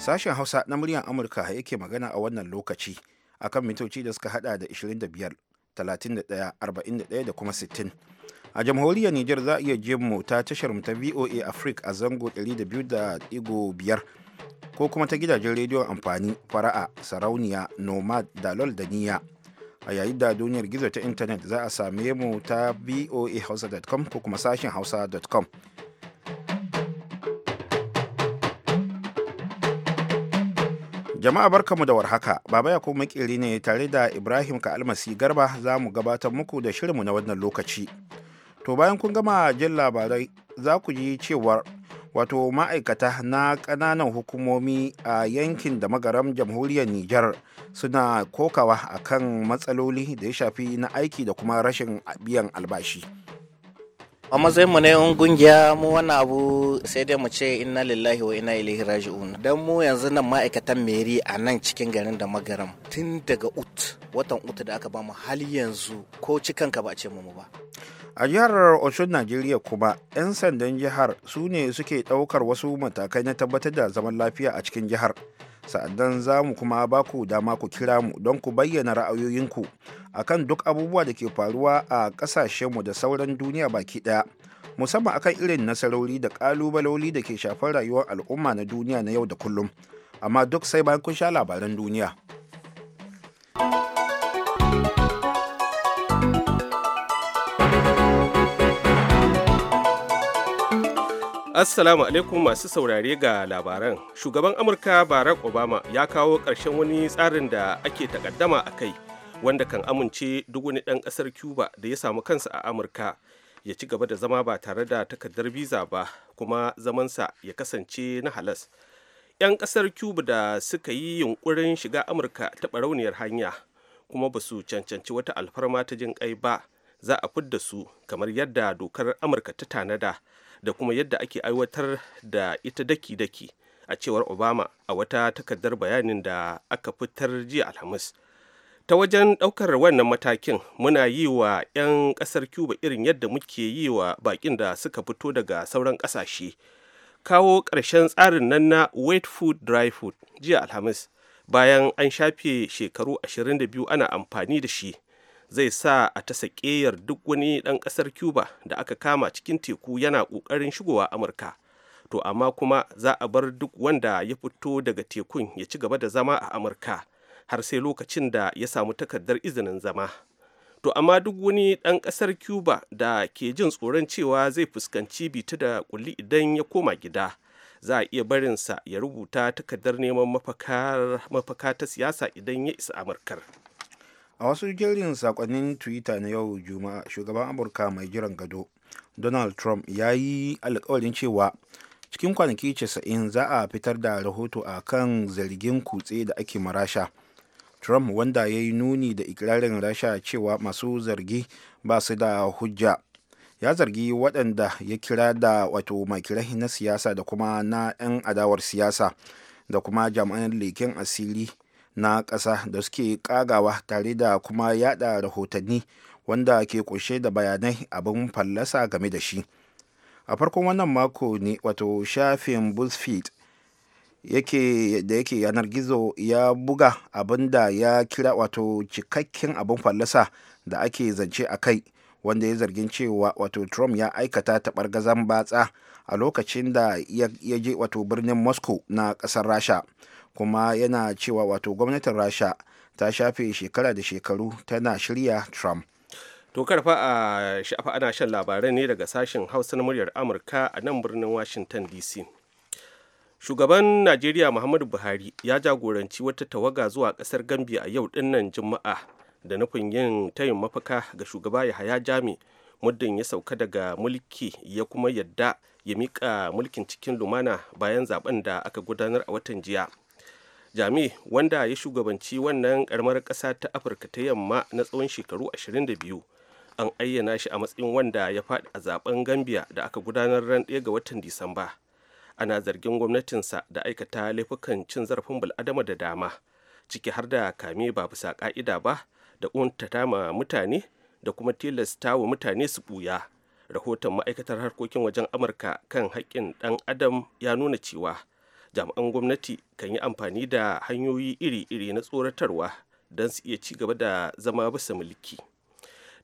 Sashen Hausa na muryar Amurka yake magana a wannan lokaci akan mitoci da suka hada da 25, 31, 41 da kuma 60. A jamhuriyar Nijar za a iya je mu ta tashar mu ta VOA Africa a zango 200.5 ko kuma ta gidajen rediyon amfani fara'a sarauniya nomad dalol da niya a yayin da duniyar gizo ta intanet za a same mu ta voahausa.com ko kuma sashen hausa.com Jama'a barkamu da warhaka, Baba Yakubu Makeri ne tare da Ibrahim ka almasi Garba za mu gabatar muku da shirinmu na wannan lokaci. To bayan kun gama jin labarai za ku ji cewar wato ma'aikata na ƙananan hukumomi a yankin da magaram jamhuriyar Nijar suna kokawa akan matsaloli da ya shafi na aiki da kuma rashin biyan albashi. a matsayin mu ne in kungiya mu wani abu sai dai mu ce inna lillahi wa inna ilaihi raji'un dan mu yanzu nan ma'aikatan meri a nan cikin garin da magaram tun daga ut watan ut da aka bamu hali yanzu ko ka ba a ce mu ba a jihar osun najeriya kuma 'yan sandan jihar su ne suke daukar wasu matakai na tabbatar da zaman lafiya a cikin jihar sa'adan za mu kuma baku dama ku kira mu don ku bayyana ra'ayoyinku akan duk abubuwa da ke faruwa a mu da sauran duniya baki ɗaya musamman akan irin nasarori da ƙalubaloli da ke shafar rayuwar al'umma na duniya na yau da kullum amma duk sai bayan kun sha labaran duniya Assalamu alaikum masu saurare ga labaran. Shugaban Amurka Barack Obama ya kawo ƙarshen wani tsarin da ake takaddama a kai wanda kan amince duk wani ɗan ƙasar cuba da ya samu kansa a amurka ya ci gaba da zama ba tare da takardar visa ba kuma zamansa ya kasance na halas 'yan ƙasar cuba da suka yi yunkurin shiga amurka ta barauniyar hanya kuma ba su cancanci wata alfarma ta jin ƙai ba za a fidda su kamar yadda dokar amurka ta tanada da kuma yadda ake aiwatar da ita daki-daki a cewar obama a wata takardar bayanin da aka fitar jiya alhamis ta wajen ɗaukar wannan matakin muna yi wa 'yan ƙasar cuba irin yadda muke yi wa baƙin da suka fito daga sauran ƙasashe kawo ƙarshen tsarin nan na wet food dry food jiya alhamis bayan an shafe shekaru 22 ana amfani da shi zai sa a ta sakeyar duk wani ɗan ƙasar cuba da aka kama cikin teku yana ƙoƙarin shigowa amurka to amma kuma za a bar duk wanda ya fito daga tekun ya ci gaba da zama a amurka har sai lokacin da ya samu takardar izinin zama to amma duk wani ɗan ƙasar cuba da ke jin tsoron cewa zai fuskanci bita da kulli idan ya koma gida za a iya barinsa ya rubuta takardar neman mafaka ta siyasa idan ya isa amurkar a wasu jerin sakonnin twitter na yau juma'a shugaban amurka mai jiran gado donald trump ya yi alkawarin cewa cikin kwanaki 90 za a fitar da rahoto a kan zargin kutse da ake marasha trump wanda ya yi nuni da ikirarin rasha cewa masu zargi ba su da hujja ya zargi waɗanda ya kira da wato makirai na siyasa da kuma na 'yan adawar siyasa da kuma jami'an leken asiri na ƙasa da suke ƙagawa tare da kuma yada rahotanni wanda ke ƙunshe da bayanai abin fallasa game da shi a farkon wannan mako ne wato shafin buzzfeed yake da yake yanar gizo ya buga abin da ya kira wato cikakken abin fallasa da ake zance a kai wanda ya zargin cewa wato trump ya aikata taɓargazan batsa a lokacin da ya je wato birnin moscow na ƙasar rasha kuma yana cewa wato gwamnatin rasha ta shafe shekara da shekaru tana shirya trump to karfa a shafa ana shan labarai ne daga sashen hausa na muryar amurka a nan birnin washington dc shugaban najeriya muhammadu buhari ya jagoranci wata tawaga zuwa kasar gambia a yau dinnan juma'a da nufin yin tayin mafaka ga shugaba yahaya jami muddin ya sauka daga mulki ya kuma yadda ya mika mulkin cikin lumana bayan zaben da aka gudanar a watan jiya jami wanda ya shugabanci wannan karamar kasa ta afirka ta yamma na tsawon shekaru 22 an ayyana shi a matsayin wanda ya faɗi a zaben gambia da aka gudanar ran 1 ga watan disamba ana zargin gwamnatinsa da aikata laifukan cin zarafin bil'adama da dama ciki har da kame ba bisa ka'ida ba da ƙuntata ma mutane da kuma tilasta wa mutane su buya rahoton ma'aikatar harkokin wajen amurka kan haƙƙin ɗan adam ya nuna cewa jami'an gwamnati kan yi amfani da hanyoyi iri-iri na tsoratarwa don su iya ci gaba da zama bisa mulki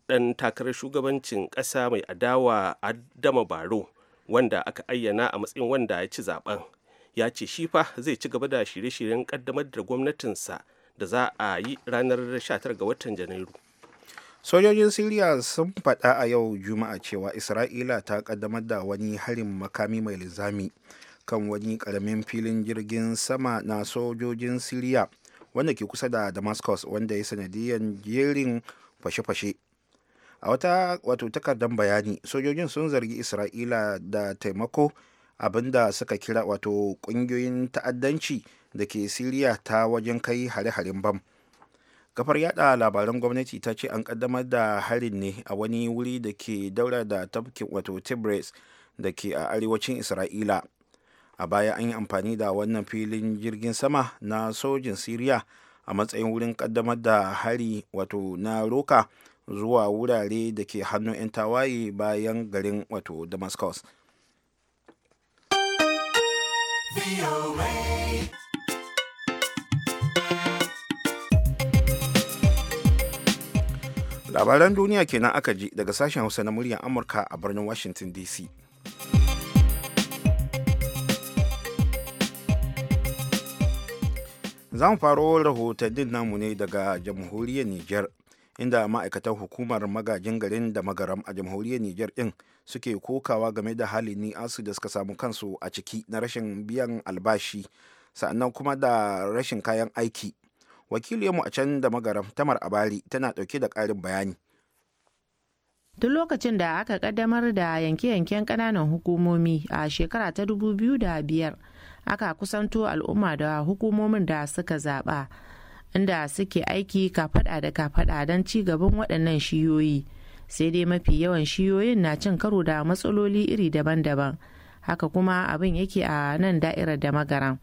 ɗan takarar shugabancin ƙasa mai adawa adama baro wanda aka ayyana a matsayin wanda ya ci zaben ya ce shi fa zai ci gaba da shirye-shiryen kaddamar da gwamnatinsa da za a yi ranar 19 ga watan janairu sojojin siriya sun faɗa a yau juma'a cewa isra'ila ta kaddamar da wani harin makami mai linzami kan wani karamin filin jirgin sama na sojojin siriya wanda ke kusa da damascus wanda ya sanadiyar jerin fashe-fashe a wata wato takardar bayani sojojin sun zargi isra'ila da taimako abinda suka kira wato kungiyoyin ta'addanci da ke siriya ta wajen kai hare-haren bam kafar yada labaran gwamnati ta ce an kaddamar da harin ne a wani wuri da ke daura da tafkin wato tibres da ke a arewacin isra'ila a baya an yi amfani da wannan filin jirgin sama na sojin siriya a matsayin wurin kaddamar da hari wato na roka zuwa wurare da ke hannun 'yan tawaye bayan garin wato damascus labaran duniya kenan aka ji daga sashen hausa na muryar amurka a birnin washington dc za mu faro rahotannin namu ne daga jamhuriyar niger inda ma'aikatan hukumar magajin garin da magaram a jamhuriyar nijar din suke kokawa game da halin ni asu da suka samu kansu a ciki na rashin biyan albashi sa'annan kuma da rashin kayan aiki wakiliyarmu a can da magaram tamar abari tana dauke da ƙarin bayani Tun lokacin da aka kaddamar da yanke-yanken kananan hukumomi a shekara ta 2005 aka kusanto al'umma da hukumomin da suka zaba. inda suke aiki kafada da kafada don ci gaban waɗannan shiyoyi sai dai mafi yawan shiyoyin na cin karo da matsaloli iri daban-daban haka kuma abin yake a nan da'irar da magaran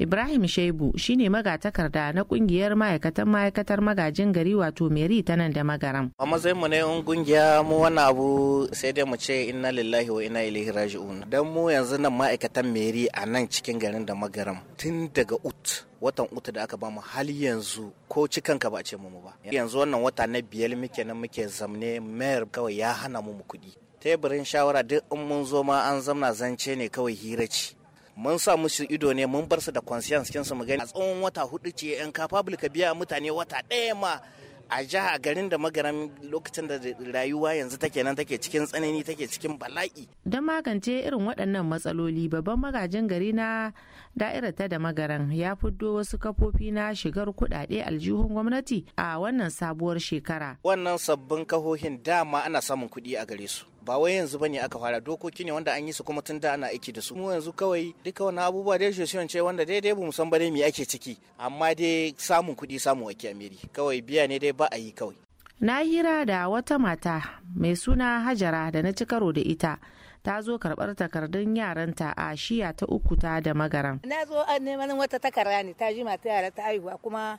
Ibrahim Shaibu shine magatakarda na kungiyar ma'aikatan ma'aikatar magajin gari wato Meri ta nan da magaram. A matsayin mu ne in kungiya mu wani abu sai dai mu ce inna lillahi wa inna ilaihi raji'un. Dan mu yanzu nan ma'aikatan Meri a nan cikin garin da magaram tun daga ut watan uku da aka ba mu hali yanzu ko cikanka ba ce mu ba yanzu wannan wata na biyar muke nan muke zamne mayar kawai ya hana mu kuɗi teburin shawara duk in mun zo ma an zamna zance ne kawai hira ce mun sa musu ido ne mun bar su da conscience kinsu mu gani a tsawon wata hudu ce yan ka ka biya mutane wata ɗaya ma a jiha garin da magaram lokacin da rayuwa yanzu take nan take cikin tsanani take cikin bala'i. Don magance irin waɗannan matsaloli babban magajin gari na da'irar ta da magaran ya fuddo wasu kafofi na shigar kuɗaɗe aljihun gwamnati a wannan sabuwar shekara. Wannan sabbin kahohin dama ana samun kuɗi a gare su. ba wai yanzu bane aka fara dokoki ne wanda an yi su kuma tun da ana aiki da su mu yanzu kawai duka wani abubuwa dai shi ce wanda daidai mu san ba dai ake ciki amma dai samun kuɗi samun wake amiri kawai biya ne dai ba a yi kawai na hira da wata mata mai suna hajara da na ci karo da ita ta zo karɓar takardun yaranta a shiya ta uku ta da magaran na zo neman wata takarda ne ta ji mata yara ta haihuwa kuma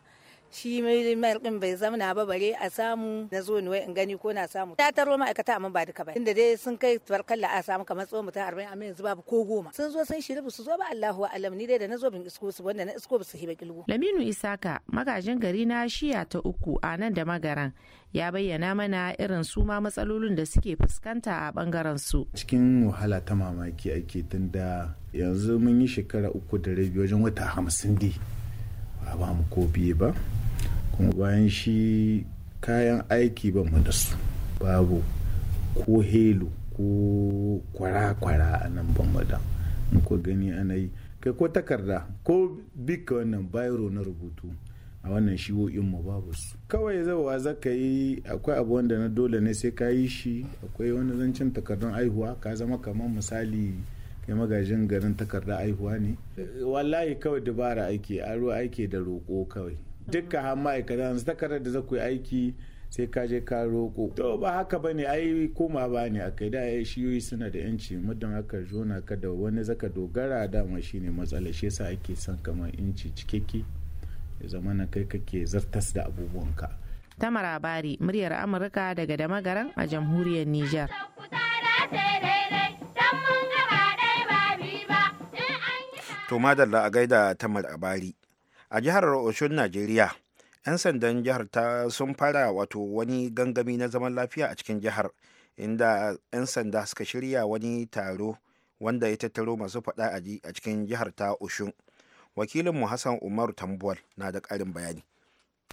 shi mai ɗin bai zamana ba bare a samu na zo ni wai in gani ko na samu ta taro ma'aikata amma ba duka ba inda dai sun kai tabarkalla a samu kamar tsohon mutum arba'in amma yanzu babu ko goma sun zo sun shirya su zo ba Allahu alam ni dai da na zo bin isko su wanda na isko su hiba kilgo. Laminu Isaka magajin gari na shiya ta uku a nan da magaran ya bayyana mana irin su ma matsalolin da suke fuskanta a bangaren su. Cikin wahala ta mamaki ake tunda yanzu mun yi shekara uku da rabi wajen wata hamsin dai ba mu ko biye ba kuma bayan shi kayan aiki ba mu da su babu ko helo ko kwara-kwara a nan bamada da ku gani ana yi kai ko takarda ko bika wannan bayro na rubutu a wannan shiwo'in mu babu su kawai zawa za ka yi akwai abu wanda na dole ne sai ka yi shi akwai wani zancen takardun aihuwa ka zama kamar misali kai magajin garin takarda aihuwa ne wallahi kawai dubara aiki aro ake aiki da roƙo kawai duka har ma'aikata yanzu takardar da za ku aiki sai ka je ka roƙo to ba haka ba ne ai koma ba ne akai da ya shiyoyi suna da yanci muddin haka jona ka da wani zaka dogara dama shine matsala shi yasa ake son kamar inci cikakke ya zama na kai kake zartas da abubuwanka tamara bari muryar amurka daga damagaran a jamhuriyar niger to madalla a gaida tamar abari a jihar oshun najeriya 'yan sandan jihar ta sun fara wato wani gangami na zaman lafiya a cikin jihar inda 'yan sanda suka shirya wani taro wanda ya tattaro masu faɗa a cikin jihar ta oshun wakilinmu hassan umaru tambuwal na da ƙarin bayani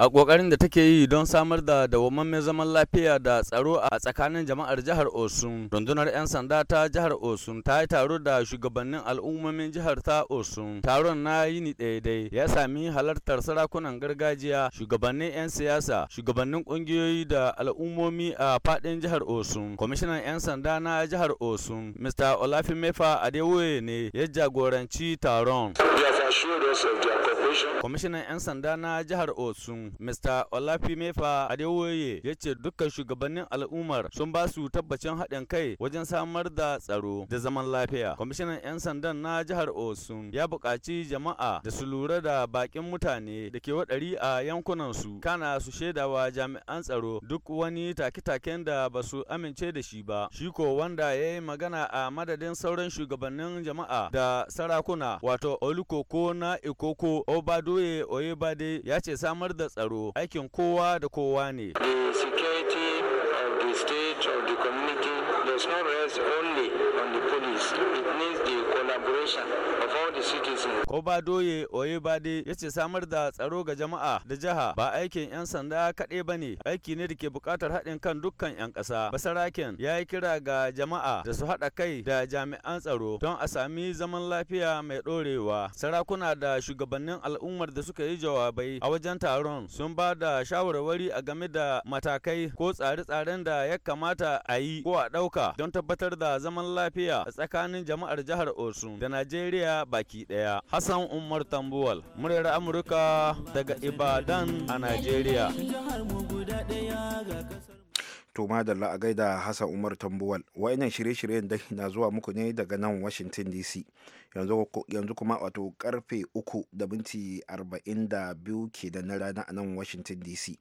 a ƙoƙarin da take yi don samar da dawwammamen zaman lafiya da tsaro a tsakanin jama'ar jihar osun rundunar 'yan sanda ta jihar osun ta yi taro da shugabannin al'ummomin jihar ta osun taron na yi ni daidai ya sami halartar sarakunan gargajiya shugabannin 'yan siyasa shugabannin ƙungiyoyi da al'ummomi a faɗin jihar osun kwamishinan 'yan sanda na jihar osun mr olafimefa adewoye ne ya jagoranci taron. Kwamishinan 'yan sanda na jihar Osun, Mr. Olafimefa Adewoye ya ce dukkan shugabannin al'ummar sun ba su tabbacin haɗin kai wajen samar da tsaro da zaman lafiya. Kwamishinan 'yan sandan na jihar Osun ya buƙaci jama'a da su lura da bakin mutane da ke waɗari a yankunan su kana su shaidawa jami'an tsaro duk wani take-taken da ba su amince da shi ba. Shi ko wanda ya yi magana a madadin sauran shugabannin jama'a da sarakuna wato Olukoko na Ikoko Obadoye Oyebade ya ce samar da tsaro aikin kowa da kowa ne. The security of the state of the community does not rest only on the police. It needs the collaboration of all the citizens. Obadoye Oyebade ya ce samar da tsaro ga jama'a da jiha ba aikin 'yan sanda kaɗai ba ne aiki ne da ke buƙatar haɗin kan dukkan 'yan ƙasa. Basaraken ya yi kira ga jama'a da su haɗa kai da jami'an tsaro don a sami zaman lafiya mai ɗorewa. Sarakuna da shugabannin al'ummar da suka yi jawabai a wajen taron sun ba da shawarwari a game da matakai ko tsare-tsaren da ya kamata a yi ko a ɗauka don tabbatar da zaman lafiya a tsakanin jama'ar jihar Osun da Najeriya baki ɗaya. Hassan Umar Tambuwal, muryar Amurka daga Ibadan a Najeriya. To madalla a gaida Hassan Umar Tambuwal, wainan shirye-shiryen da na zuwa muku ne daga nan Washington DC. Yanzu kuma wato karfe uku da minti arba'in da biyu ke da na rana a nan Washington DC.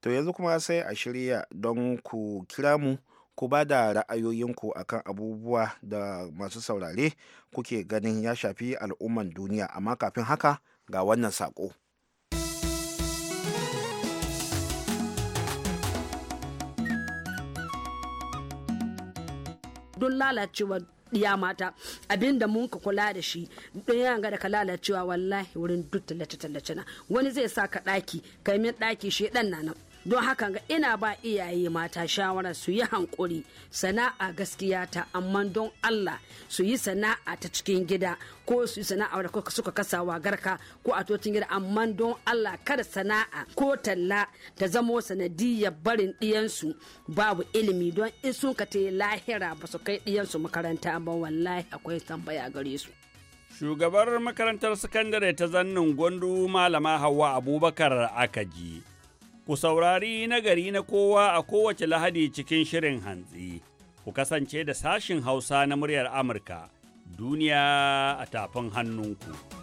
To yanzu kuma sai a shirya don ku kira mu. ku ba da ra'ayoyinku akan abubuwa da masu saurare kuke ganin ya shafi al'umman duniya amma kafin haka ga wannan saƙo. Don lalacewa ya mata abinda mun ka kula da shi don ya ga da ka lalacewa wallahi wurin duk tallace-tallace na wani zai sa ka ɗaki kai min ɗaki shi ɗan na nan don haka ina ba iyaye mata shawara su yi hankuri sana'a gaskiya ta amma don Allah su yi sana'a ta cikin gida ko su yi sana'a da suka wa garka ko a totin gida amma don Allah kada sana'a ko talla ta zamo sanadiyar barin ɗiyansu babu ilimi don in sun ka ta lahira ba su kai ɗiyansu makaranta ba wallahi akwai tambaya gare su. Shugabar makarantar sakandare ta zannin gwandu Malama Hauwa Abubakar Akaji. ku saurari nagari na kowa a kowace lahadi cikin shirin hantsi. Ku kasance da sashin Hausa na muryar Amurka, duniya a tafin hannunku.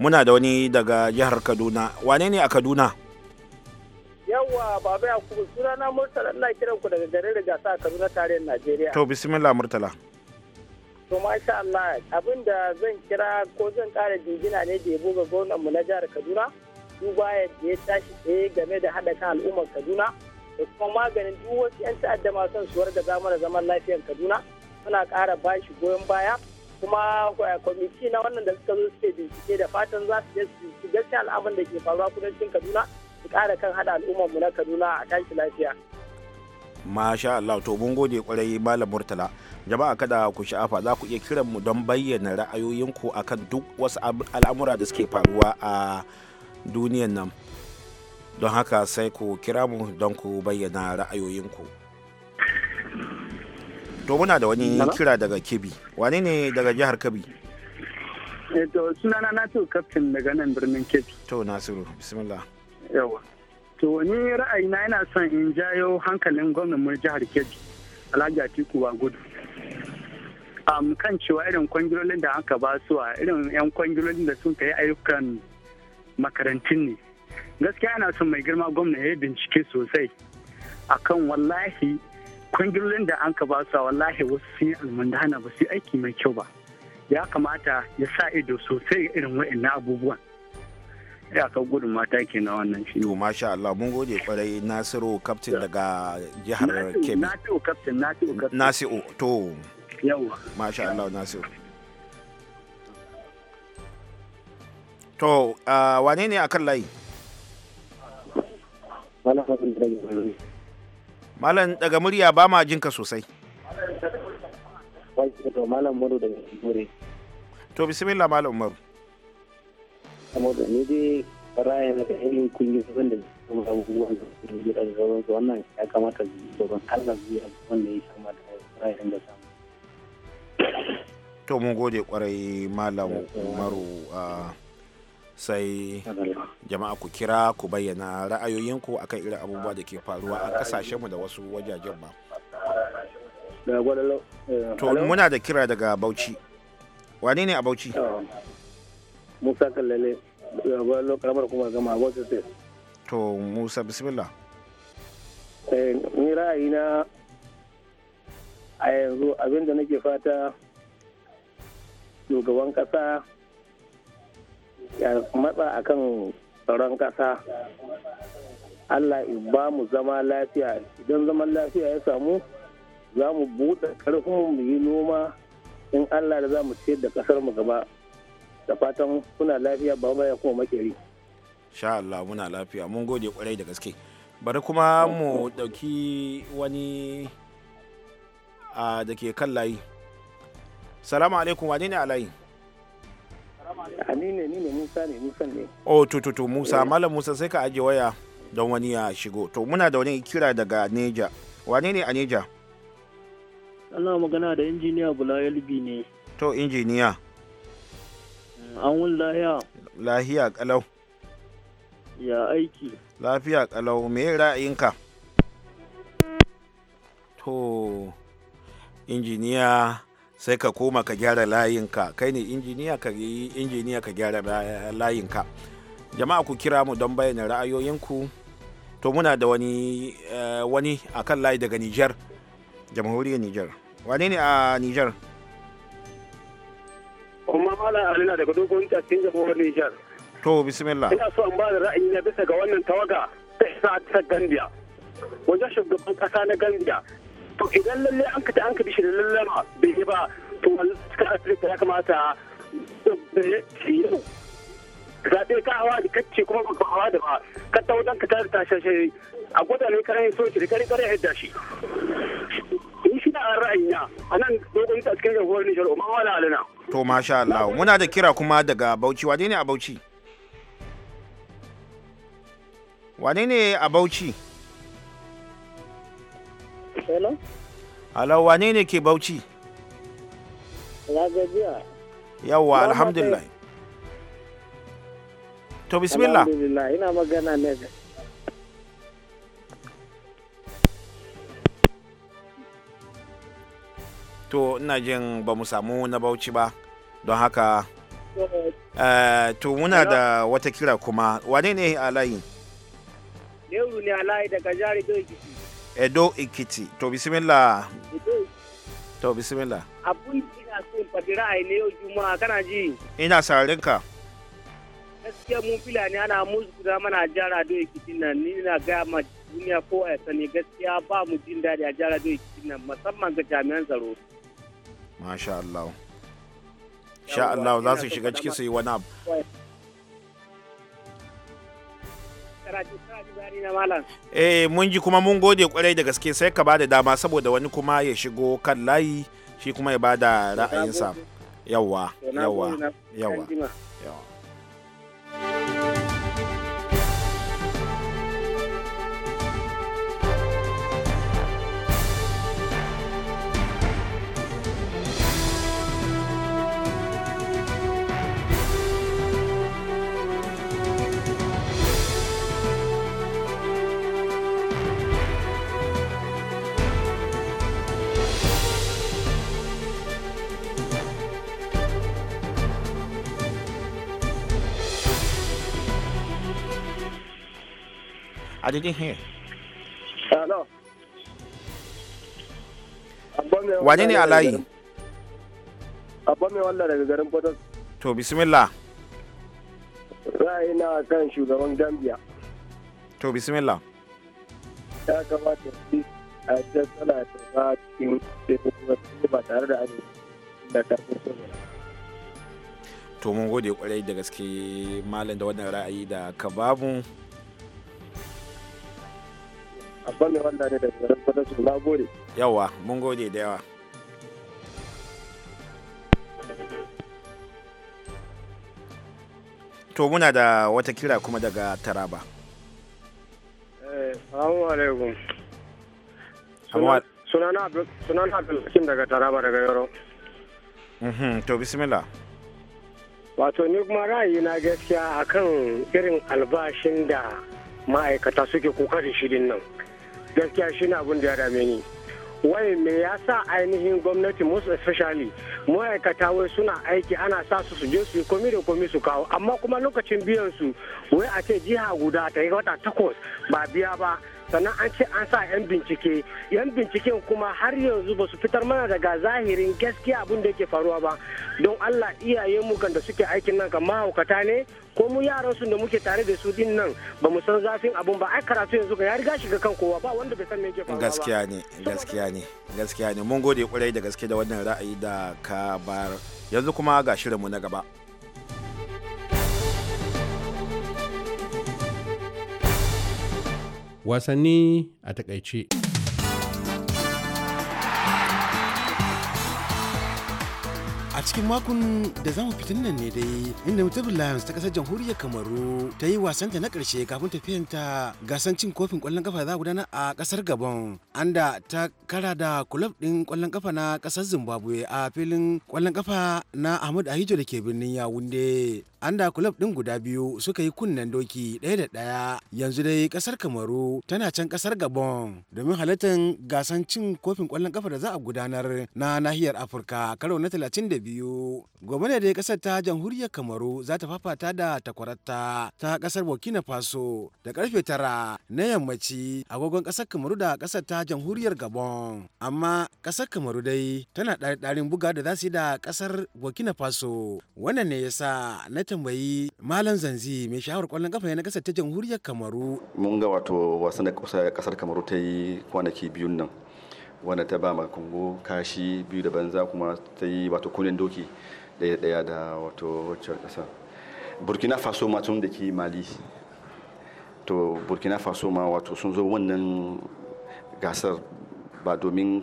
muna da wani daga jihar kaduna wane ne a kaduna yawa baba yakubu sunana murtala na kiran ku daga garin rigasa a kaduna tarihin najeriya to bismillah murtala to masha allah abin da zan kira ko zan kara jingina ne da yabo ga gwamnan na jihar kaduna duba yadda ya tashi tsaye game da haɗa kan al'ummar kaduna da kuma maganin duk wasu 'yan ta'adda masu suwar da zamana zaman lafiyar kaduna suna kara bashi goyon baya kuma eh, kwamiti na wannan da suka zo suke bincike da fatan za su je su gaske da ke faruwa kudancin kaduna su kara kan hada al'ummar mu na kaduna a tashi lafiya masha Allah to mun gode kwarai malam Murtala jama'a kada ku sha'afa za ku iya kiran mu don bayyana ra'ayoyinku akan duk wasu al'amura da suke faruwa a duniyar nan don haka sai ku kira mu don ku bayyana ra'ayoyinku to muna da wani kira daga kebi wane ne daga jihar kebi eh, to sunana nasiru kaftin daga nan birnin kebi to nasiru bismillah yawa to ni na yana son in jayo hankalin gwamnan mu jihar kebi alhaji atiku wa gudu um, kan cewa irin kwangilolin da aka ba su a irin 'yan kwangilolin da sun kai ayyukan makarantun ne gaskiya yana son mai girma gwamna ya bincike sosai akan wallahi kwangilolin da an ka ba su wallahi wasu sun yi hana ba su yi aiki mai kyau ba ya kamata ya sa ido sosai irin wa'annan abubuwan ya ka gudun mata ke na wannan shi to masha Allah mun gode kwarai Nasiru kaftin daga jihar Kebbi Nasiru kaftin Nasiru kaftin Nasiru to yawa masha Allah Nasiru to ah, wane ne akan layi malam daga murya ba ma jinka sosai to bismillah malam umaru ne dai na irin kungiyoyin da kuma abubuwan da da ya kamata gaban allah ta da da to mun gode kwarai malam umaru uh, sai jama'a ku kira ku bayyana ra'ayoyinku akan irin abubuwa da ke faruwa a kasashenmu da wasu wajajen ba eh, to muna da kira daga bauchi wani ne a bauchi musa kallale karamar kuma gama bauchi to musa bismillah eh, ni ra'ayina a yanzu abinda nake fata shugaban kasa ya matsa a kan tsaron ƙasa Allah ba mu zama lafiya idan zaman lafiya ya samu za mu buɗe ƙarfin mu yi noma in Allah da za mu ciyar da ƙasar mu gaba da fatan kuna lafiya ba ya kuma makeri sha Allah muna lafiya mun gode kwarai da gaske bari kuma mu ɗauki wani a ah, da ke kan layi salamu alaikum wani ne a layi ni ne ni ne musa ne musa ne oh to to to musa eh. malam musa sai ka aje waya don wani ya shigo to muna da wani kira daga neja wane ne a neja ana magana da injiniya bula yalbi ne to injiniya eh, an wun lahiya lahiya kalau ya aiki lafiya kalau me ra'ayinka to injiniya sai ka koma ka gyara layinka kai ne injiniya ka yi injiniya ka gyara layinka jama'a ku kira mu don bayyana ra'ayoyinku to muna da wani eh, wani a kan layi daga niger jamhuriyar niger wani ne a niger kuma mala alina daga dogon cikin jamhuriyar niger to bismillah ina so an ba da ra'ayi na bisa ga wannan tawaga ta isa ta gambia wajen shugaban kasa na gambia to idan lalle an ka ta an ka bi shi da lalle ma bai yi ba to ya kamata yau zaɓe ka hawa da kacce kuma ba hawa da ba ka ta wajen ka ta da shi a gwada ne karen soci da kare kare yadda shi ni shi da a nan dogon ta cikin jamhuriyar Nijar umma wala to masha Allah muna da kira kuma daga Bauchi wane ne a Bauchi wane ne a Bauchi Hello? Hello, wane ne ke Bauchi? Ya gajiya. Yawwa, alhamdulillah. To, bismillah. Alhamdulillah, ina magana ne To, ina jin ba mu samu na Bauchi ba, don haka Uh, to muna da wata kira kuma wane ne alayi layi? Leuru ne alayi daga jari Ekiti. edo ikiti to bisimila to bisimila abun ina so faɗi ra'ayi ne yau juma'a kana ji ina sarin ka gaskiya mun filani ana musu da mana jara do ikitin nan ni na gaya ma duniya ko a sani gaskiya ba mu jin daɗi a jara do ikitin nan musamman ga jami'an tsaro masha Allah sha Allah za su shiga cikin su yi wani abu Eh mun ji kuma mun gode kwarai da gaske sai ka bada dama saboda wani kuma ya shigo kan layi shi kuma ya bada ra'ayinsa. Yawwa, yawwa, yawwa. I didn't hear. ne alayi? To bismillah. Ra'ayi kan shugaban Gambia. To bismillah. Ya kamata a ta ba cikin To mun gode kwarai da gaske malam da wannan ra'ayi da abban wanda ne da na gode yawa mun gode da yawa to muna da wata kira kuma daga taraba Assalamu eh, alaikum. Sunana Abdulhakim daga Taraba daga Yoro. Mhm, to bismillah. Wato ni kuma ra'ayi na gaskiya akan irin albashin da ma'aikata suke kuka da shirin nan. gaskiya shi ne abin da ya dame ni wai me ya sa ainihin gwamnati most especially ma'aikata wai suna aiki ana sa su je su yi komi da komi su kawo amma kuma lokacin biyan su wai a ce jiha guda ta yi wata takwas ba biya ba sannan an ce an sa 'yan bincike yan binciken kuma har yanzu ba su fitar mana daga zahirin gaskiya abin da yake faruwa ba don allah iyayenmu kan da suke aikin nan ka mahaukata ne ko mu yaran su da muke tare da su din nan ba mu san zafin abun ba ai karatu yanzu ka ya riga shiga kan kowa ba wanda bai san me yake faruwa gaskiya ne gaskiya ne gaskiya ne mun gode kwarai da gaske da wannan ra'ayi da ka bayar yanzu kuma ga shirinmu na gaba wasanni a takaice. a cikin makon da zamu fitin nan ne dai inda mutum lions ta kasar jamhuriyar kamaru ta yi wasanta na karshe kafin tafiyanta gasan cin kofin kwallon kafa za a gudana a kasar gabon anda ta kara da kulob din kwallon kafa na kasar zimbabwe a filin kwallon kafa na ahmad ahijo da ke birnin yawunde anda kulab din guda biyu suka yi kunnen doki ɗaya da ɗaya yanzu dai ƙasar kamaru tana can ƙasar gabon domin halartar gasan cin kofin ƙwallon kafa da za a gudanar na nahiyar afirka karo na 32 gobe ne dai ƙasar ta jamhuriyar kamaru za ta fafata da takwarata ta ƙasar burkina faso da ƙarfe tara na yammaci agogon ƙasar kamaru da ƙasar ta jamhuriyar gabon amma ƙasar kamaru dai tana ɗarin buga da za su yi da ƙasar burkina faso wannan ne yasa na tambayi Malam Zanzi mai sha'awar kwallon kafa na kasar ta jamhuriyar Kamaru. Mun ga wato wasan da kasar Kamaru ta yi kwanaki biyun nan wanda ta ba Kongo kashi biyu da banza kuma ta yi wato kunin doki daya daya da wato wacce kasa. Burkina Faso ma tun da ke Mali. To Burkina Faso ma wato sun zo wannan gasar ba domin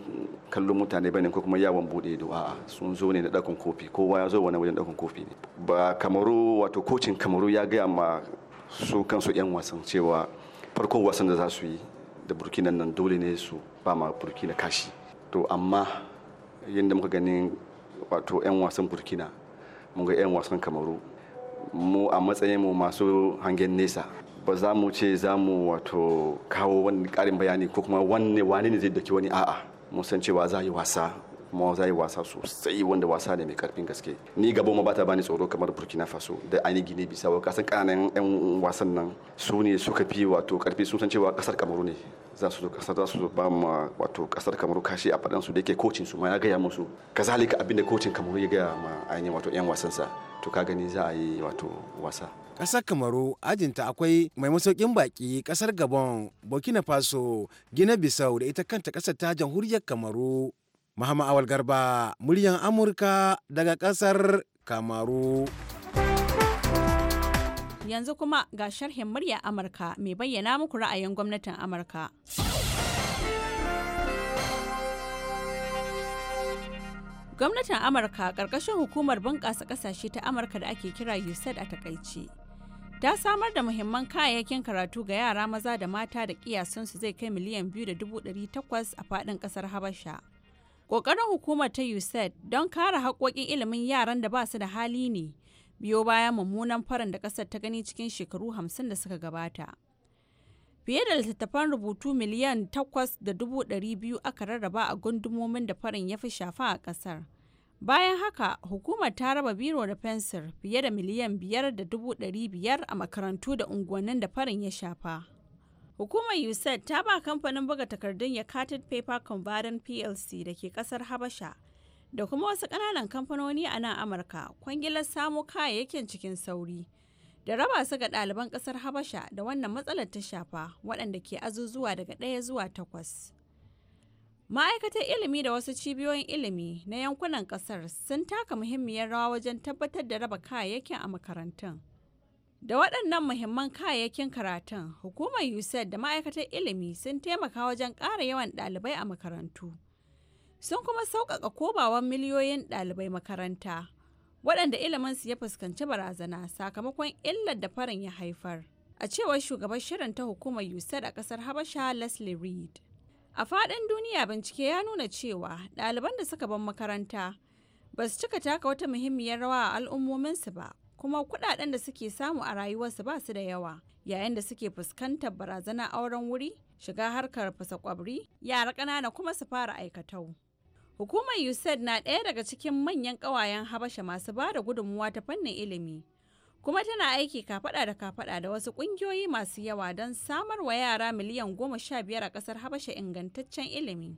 kallon mutane bane ko kuma yawon bude da a'a sun zo ne na ɗakin kofi kowa ya zo wani wajen ɗakin kofi ne ba kamaru wato kocin kamaru ya gaya ma su kansu 'yan wasan cewa farko wasan da za su yi da burkina nan dole ne su ba ma burkina kashi to amma yadda muka gani wato 'yan wasan burkina mun ga 'yan wasan kamaru mu a matsayin mu masu hangen nesa ba za mu ce za mu wato kawo wani karin bayani ko kuma wani wani ne zai daki wani a'a mu san cewa za yi wasa kuma za yi wasa sosai wanda wasa ne mai karfin gaske ni gabo ma bata bani tsoro kamar burkina faso da ani gine wa kasan kananan yan wasan nan su ne suka fi wato karfi sun san cewa kasar kamaru ne za su zo kasar za su ba ma wato kasar kamaru kashi a fadansu da yake kocin su ma ya gaya musu kazalika abinda kocin kamaru ya gaya ma ainihin wato yan wasansa to ka gani za a yi wato wasa ƙasar kamaru ajinta akwai mai masaukin baki ƙasar gabon burkina faso gina bisau da ita kanta ƙasar ta jamhuriyar kamaru mahama awal garba muryan amurka daga ƙasar kamaru yanzu kuma ga sharhin murya amurka mai bayyana muku ra'ayin gwamnatin amurka gwamnatin amurka ƙarƙashin hukumar bunƙasa ƙasashe ta amurka da ake kira usaid a takaice ta samar da muhimman kayayyakin karatu ga yara maza da mata da kiyasunsu zai kai miliyan biyu da dubu ɗari takwas a faɗin ƙasar habasha ƙoƙarin hukumar ta usaid don kare haƙoƙin ilimin yaran da basu da hali ne biyo bayan mummunan farin da ƙasar ta gani cikin shekaru hamsin da suka gabata fiye da littattafan rubutu miliyan takwas da dubu ɗari biyu aka rarraba a gundumomin da farin ya fi shafa a ƙasar Bayan haka, hukumar ta raba biro da fensir fiye da miliyan biyar da dubu ɗari biyar a makarantu da unguwannin da farin ya shafa. Hukumar USAID ta ba kamfanin buga takardun Yakatid Paper converting PLC da ke kasar Habasha da kuma wasu ƙananan kamfanoni a nan Amurka kwangilar samo kayayyakin cikin sauri da raba su ga ɗaliban ƙasar Habasha da wannan matsalar ta shafa waɗanda ke azuzuwa daga ɗaya zuwa takwas. Ma'aikatar ilimi da wasu cibiyoyin ilimi na yankunan kasar sun taka muhimmiyar rawa wajen tabbatar da raba kayayyakin a makarantun. Da waɗannan muhimman kayayyakin karatun, hukumar USAID da ma'aikatar ilimi sun taimaka wajen ƙara yawan ɗalibai a makarantu. Sun kuma sauƙaƙa kobawan miliyoyin ɗalibai makaranta, waɗanda iliminsu ya fuskanci barazana sakamakon illar da farin ya haifar. A cewar shugaban shirin ta hukumar USAID a ƙasar Habasha Leslie Reed. A faɗin duniya bincike ya nuna cewa ɗaliban da suka ban makaranta ba su cika taka wata muhimmiyar rawa a al'ummominsu ba kuma kuɗaɗen da suke samu a rayuwarsu ba su da yawa yayin da suke fuskantar barazana auren wuri shiga harkar fasa kwabri yara ƙanana kuma su fara aikatau. Hukumar USAID na ɗaya daga cikin manyan ƙawayen Habasha masu ba da gudunmuwa ta fannin ilimi. kuma tana aiki kafada da kafada da wasu kungiyoyi masu yawa don samar wa yara miliyan goma sha biyar a kasar habasha ingantaccen ilimi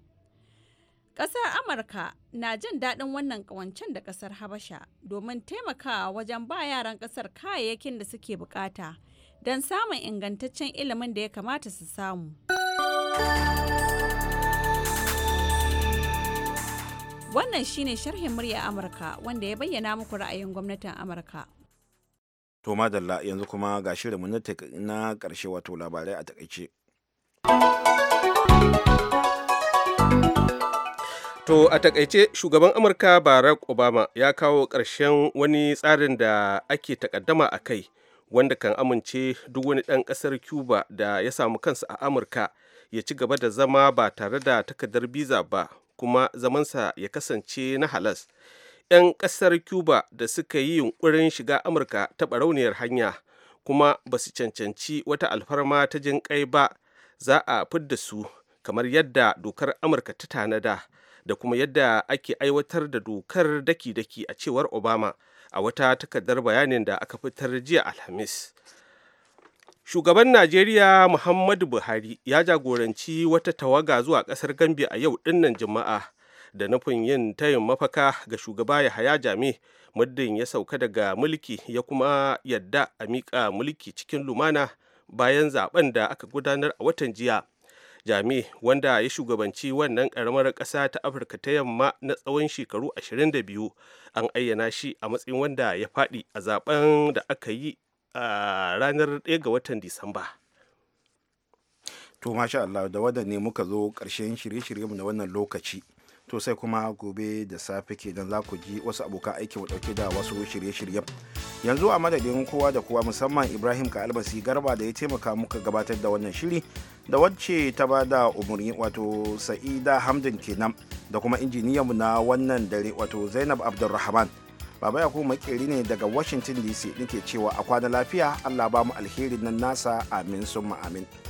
kasar amurka na jin daɗin wannan ƙawancen da kasar habasha domin taimakawa wajen ba yaran kasar kayayyakin da suke bukata don samun ingantaccen ilimin da ya kamata su samu wannan shine sharhin murya amurka wanda ya bayyana muku ra'ayin gwamnatin amurka To madalla yanzu kuma ga shirin mu na karshe wato labarai a takaice. To a takaice shugaban Amurka Barack Obama ya kawo ƙarshen wani tsarin da ake takaddama a kai wanda kan amince duk wani ɗan ƙasar Cuba da ya samu kansa a Amurka ya ci gaba da zama ba tare da takardar biza ba kuma zamansa ya kasance na halas. 'yan ƙasar cuba da suka yi yunkurin shiga amurka ta barauniyar hanya kuma ba su cancanci wata alfarma ta jin kai ba za a fidda su kamar yadda dokar amurka ta tanada da kuma yadda ake aiwatar da dokar daki-daki a cewar obama a wata takardar bayanin da aka fitar jiya alhamis shugaban najeriya muhammadu buhari ya jagoranci wata tawaga zuwa kasar gambia a yau dinnan juma'a da nufin yin tayin mafaka ga shugaba Yahaya jami muddin ya sauka daga mulki ya kuma yadda a miƙa mulki cikin lumana bayan zaben da aka gudanar a watan jiya. Jami wanda ya shugabanci wannan karamar ƙasa ta Afirka ta yamma na tsawon shekaru 22 an ayyana shi a matsayin wanda ya faɗi a zaben da aka yi a ranar 1 ga watan Disamba. To masha Allah da wadanne muka zo ƙarshen shirye-shiryenmu na wannan lokaci. to sai kuma gobe da safe kenan za ku ji wasu abokan aiki dauke da wasu shirye-shiryen yanzu a madadin kowa da kowa musamman ibrahim ka albasi garba da ya taimaka muka gabatar da wannan shiri da wacce ta ba da umarni wato sa'ida hamdin kenan da kuma injiniyanmu na wannan dare wato zainab abdulrahman baba ya kuma makeri ne daga washington dc ke cewa a kwana lafiya allah ba mu alherin nan nasa amin summa amin